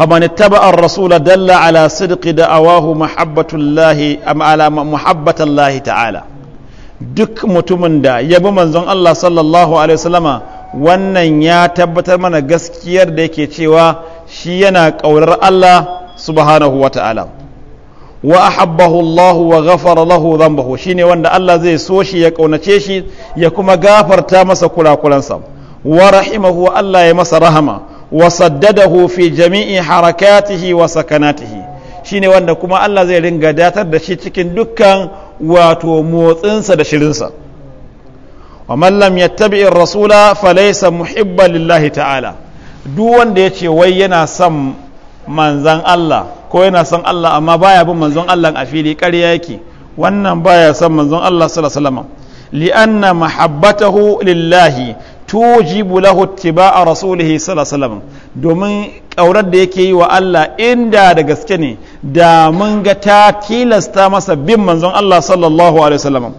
فمن اتبع الرسول دل على صدق دعواه محبة الله أم على محبة duk mutumin da ya bi manzon Allah sallallahu alaihi wasallama wannan ya tabbatar mana gaskiyar da yake cewa shi yana ƙaurar Allah subhanahu wa ta'ala wa wa ghafara lahu dhanbahu shine wanda Allah zai so shi ya ƙaunace shi ya kuma gafarta masa kurakuransa wa rahimahu Allah ya masa rahama wa saddadahu fi jami'i harakatihi wa sakanatihi shine wanda kuma Allah zai ringa datar da shi cikin dukkan wato motsinsa da shirinsa wa man lam yattabi rasula falaysa muhibba lillahi ta'ala duk wanda ya ce wai yana son manzon Allah ko yana son Allah amma baya bin manzon Allah a fili ƙarya yake wannan baya son manzon Allah sallallahu alaihi wasallam li'anna mahabbatahu lillahi tuji lahu ittiba'a rasulihi sallallahu alaihi domin kaurar da yake yi wa Allah inda da gaske ne da mun ga ta tilasta masa bin manzon Allah sallallahu alaihi wasallam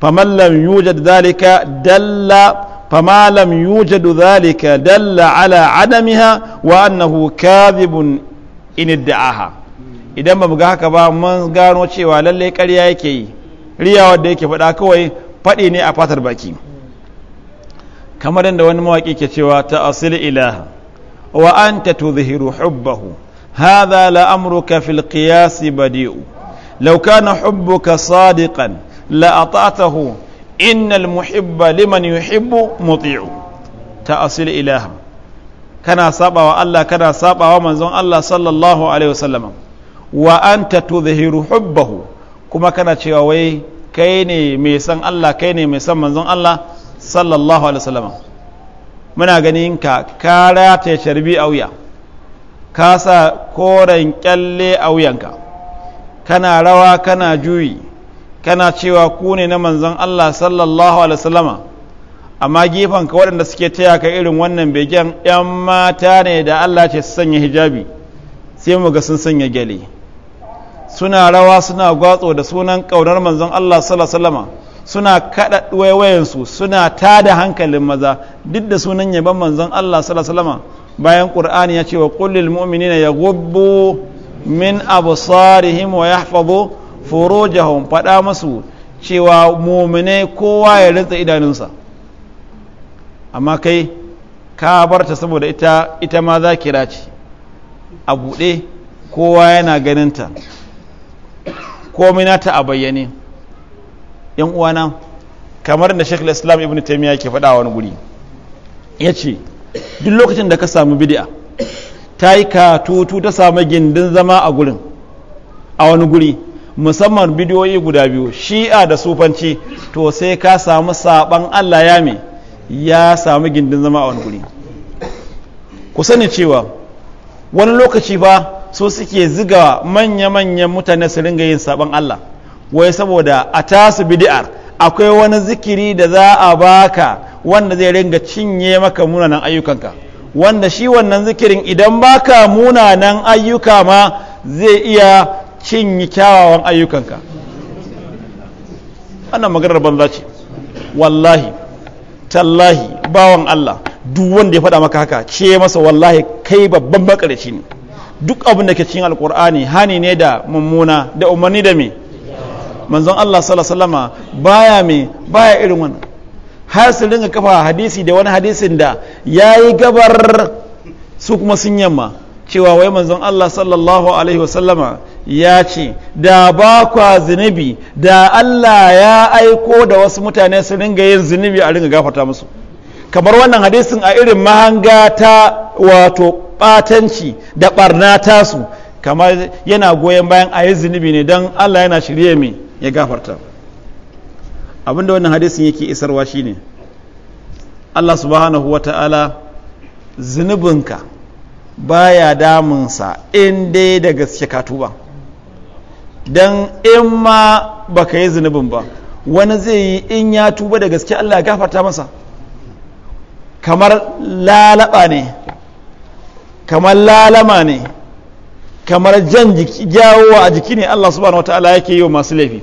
faman lam yujad dhalika dalla فما لم يوجد ذلك دل على عدمها وأنه كاذب إن ادعاها idan ba mu ga haka ba mun gano cewa lallai ƙarya yake yi riya wadda yake faɗa kawai faɗi ne a fatar baki kamar yadda wani mawaƙi ke cewa ta asili ilaha wa ta tuzhiru hubbahu hadha la amruka fil kiyasi badi'u law kana hubbuka sadiqan la ata'tahu innal muhibba liman yuhibbu muti'u ta asili ilaha kana sabawa Allah kana sabawa manzon Allah sallallahu alaihi wasallam wa anta tuzhiru hubbahu kuma kana cewa wai kai ne mai san Allah kai ne mai san manzon Allah sallallahu alaihi wasallam muna ganin ka ka rataye sharbi a wuya ka sa koren kyalle a wuyanka kana rawa kana juyi kana cewa ku ne na manzon Allah sallallahu alaihi wasallam amma gefan ka waɗanda suke taya ka irin wannan begen 'yan mata ne da Allah ce su sanya hijabi sai mu ga sun sanya gyale suna rawa suna gwatso da sunan ƙaunar manzon Allah sallallahu alaihi suna kada wayawayansu suna tada hankalin maza duk da sunan yaban manzon Allah sallallahu bayan Qur'ani ya ce wa qul lil mu'minina yaghubbu min absarihim wa yahfazu furujahum fada musu cewa mu'mine kowa ya rinsa idanunsa amma kai ka barta saboda ita ita ma zakira ce a buɗe kowa yana ganinta komai nata a bayyane yan uwana kamar da shekul islam ibn taimiyya ke faɗa wani guri ya ce duk lokacin da ka samu bidiya ta yi katutu ta samu gindin zama a gurin a wani guri musamman bidiyoyi guda biyu shi'a da sufanci to sai ka samu saban allah ya me ya samu gindin zama a wani guri ku sani cewa wani lokaci ba su suke ziga manya-manyan mutane su ringa yin saban allah wai saboda a tasu bid'ar akwai wani zikiri da za a baka wanda zai ringa cinye maka munanan ayyukanka wanda shi wannan zikirin idan baka munanan ayyuka ma zai iya cinye kyawawan ayyukanka wannan maganar banza ce wallahi tallahi bawan Allah duk wanda ya faɗa maka haka ce masa wallahi kai babban shi ne duk abin da ke cikin alkur'ani hani ne da mummuna da umarni da me manzon Allah sallallahu alaihi baya me baya irin wannan har su dinga kafa hadisi da wani hadisin da yayi gabar su kuma sun yamma cewa wai manzon Allah sallallahu alaihi wasallama ya ce da ba kwa zunubi da Allah ya aiko da wasu mutane su dinga yin zunubi a dinga gafata musu kamar wannan hadisin a irin mahanga ta wato batanci da barna tasu kamar yana goyon bayan a yi zunubi ne don Allah yana shirye mai ya gafarta abinda wannan hadisin yake isarwa shine Allah subhanahu wata'ala zunubinka baya damunsa in dai da gaske ka tuba don in ma baka yi zunubin ba wani zai yi in ya tuba da gaske Allah ya gafarta masa kamar lalaba ne kamar lalama ne kamar jan gyawo a jiki ne Allah subhanahu wata'ala yake yi wa masu laifi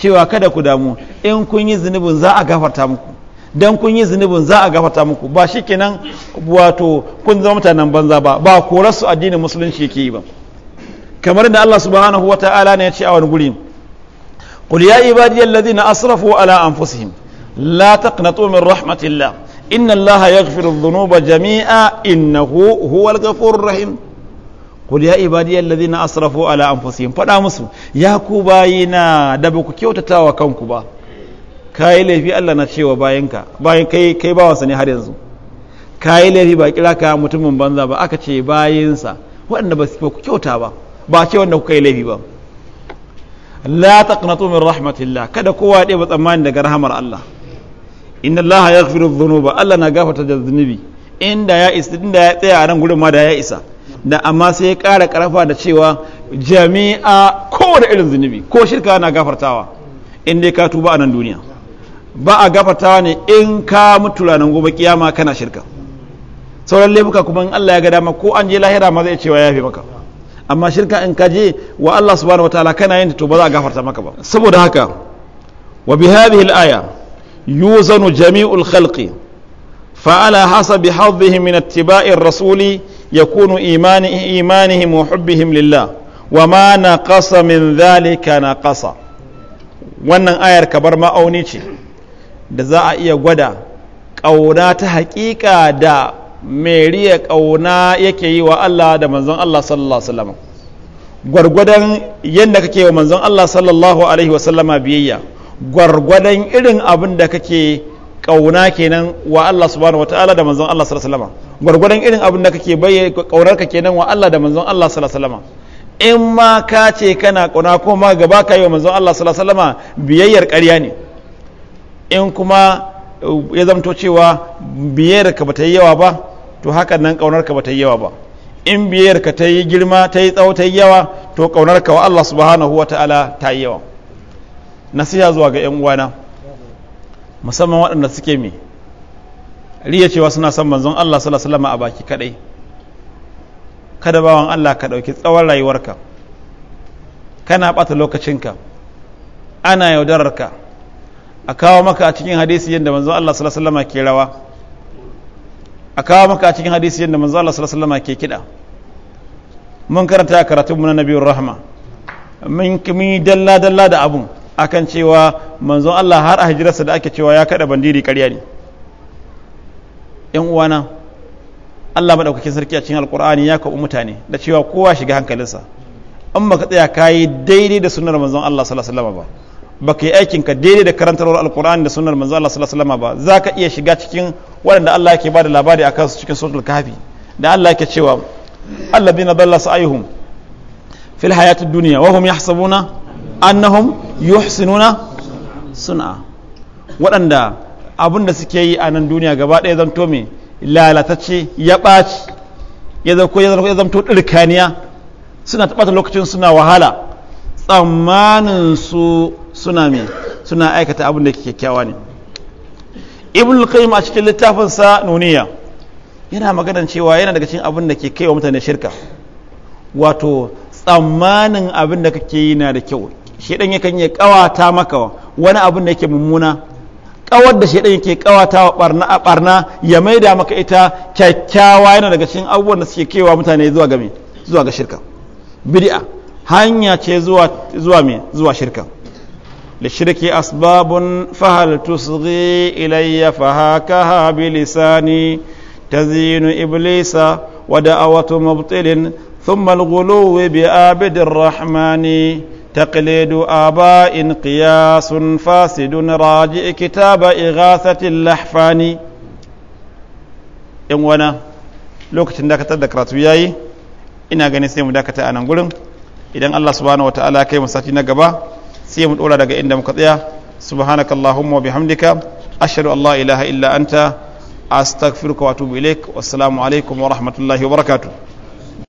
cewa kada ku damu in kun yi zunubin za a gafarta muku dan kun yi zunubin za a gafarta muku ba shikenan wato kun zama mutanen banza ba ba korar su addinin musulunci yake yi ba kamar da Allah subhanahu wataala ne ya ce a wani guri qul ya ibadiyal ladina asrafu ala anfusihim la taqnatu min rahmatillah inna allaha yaghfiru dhunuba jami'a innahu huwal ghafurur rahim qul ya ibadiyal ladhina asrafu ala anfusihim fada musu ya ku bayina da ba kyautata wa kanku ba kayi laifi Allah na cewa bayanka bayin kai kai bawansa ne har yanzu kai laifi ba kira ka mutumin banza ba aka ce bayinsa waɗanda ba su kyauta ba ba ce wanda kuka yi laifi ba la taqnatu min rahmatillah kada kowa ya ba tsammani daga rahmar Allah inna Allah yaghfiru dhunuba Allah na gafarta da zunubi inda ya isa inda ya tsaya a nan gurin ma da ya isa da amma sai ya ƙara ƙarfa da cewa jami'a kowane irin zunubi ko shirka na gafartawa in dai ka tuba a nan duniya ba a gafartawa ne in ka mutu ranar gobe kiyama kana shirka sauran laifuka kuma in Allah ya ga dama ko an je lahira ma zai cewa ya maka amma shirka in ka je wa Allah subhanahu wataala kana yin to ba za a gafarta maka ba saboda haka wa bi hadhihi al-aya yuzanu jami'ul khalqi fa ala hasabi hadhihi min ittiba'i rasuli يكون إيمان إيمانهم وحبهم لله وما نقص من ذلك نقص wannan ayar kabar ma'auni ce da za a iya gwada ƙauna ta haƙiƙa da meriya ƙauna yake yi wa Allah da manzon Allah sallallahu alaihi gwargwadon yadda kake wa manzon Allah sallallahu alaihi wasallama biyayya gwargwadon irin abin da kake ƙauna kenan wa Allah subhanahu ta'ala da manzon Allah sallallahu alaihi wasallama gwargwadon irin abin da kake bayyana kaunar ka kenan wa Allah da manzon Allah sallallahu alaihi wasallam in ma ka ce kana ko kuma gaba ka yi wa manzon Allah sallallahu alaihi wasallam biyayyar ƙarya ne in kuma uh, ya zamto cewa biyayyar ka bata yi yawa ba to haka nan kaunar ka bata yi yawa ba in biyayyar ka ta yi girma ta yi tsawo ta yi yawa to kaunar ka wa Allah subhanahu ta'ala ta yi yawa nasiha zuwa ga yan uwana musamman waɗanda suke mai riya cewa suna son manzon Allah sallallahu alaihi wasallam a baki kadai kada bawan Allah ka dauki tsawon rayuwarka kana bata lokacinka ana yaudararka a kawo maka a cikin hadisi yadda manzon Allah sallallahu alaihi wasallam ke rawa a kawo maka a cikin hadisi yadda manzon Allah sallallahu alaihi wasallam ke kida mun karanta karatun mu na nabiyur rahma mun kimi dalla dalla da abun akan cewa manzon Allah har a hijirarsa da ake cewa ya kada bandiri ƙarya ne yan uwana Allah madaukakin sarki a cikin alkur'ani ya kawo mutane da cewa kowa shiga hankalinsa in baka tsaya kayi daidai da sunnar manzon Allah sallallahu alaihi wasallam ba baka yi aikin ka daidai da karantarwar alkur'ani da sunnar manzon Allah sallallahu alaihi wasallam ba zaka iya shiga cikin waɗanda Allah yake bada labari akan su cikin suratul kahfi da Allah yake cewa alladhina dalla sa'ihum fil hayatid dunya wa hum yahsabuna annahum yuhsinuna sun'a waɗanda abin da suke yi a nan duniya gaba ɗaya zanto mai lalatacce ya ɓaci ya zarko ya zanto ɗirkaniya suna taɓata lokacin suna wahala tsammanin su suna mai suna aikata abin da kyakkyawa ne ibn al-qayyim a cikin sa nuniya yana maganar cewa yana daga cikin abin da ke kaiwa mutane shirka wato tsammanin abin da kake yi na da kyau shedan yakan iya kawata maka wani abin da yake mummuna kawar da shaidan yake kawata wa barna a barna ya maida maka ita kyakkyawa yana daga cikin abubuwan da suke kewa mutane zuwa ga zuwa ga shirka bid'a hanya ce zuwa zuwa me zuwa shirka للشرك أسباب فهل تصغي إلي فهاكها بلساني تزيين إبليس ودعوة مبطل ثم الغلو بآبد الرحمن تقليد آباء قياس فاسد راجع كتاب إغاثة اللحفاني إن وانا لوكت داك تذكرت وياي إنا غني سيم داك تأنا نقولن إذن الله سبحانه وتعالى كي مساتي نقبا سيم الأولى داك إن مقطيع سبحانك اللهم وبحمدك أشهد أن لا إله إلا أنت أستغفرك وأتوب إليك والسلام عليكم ورحمة الله وبركاته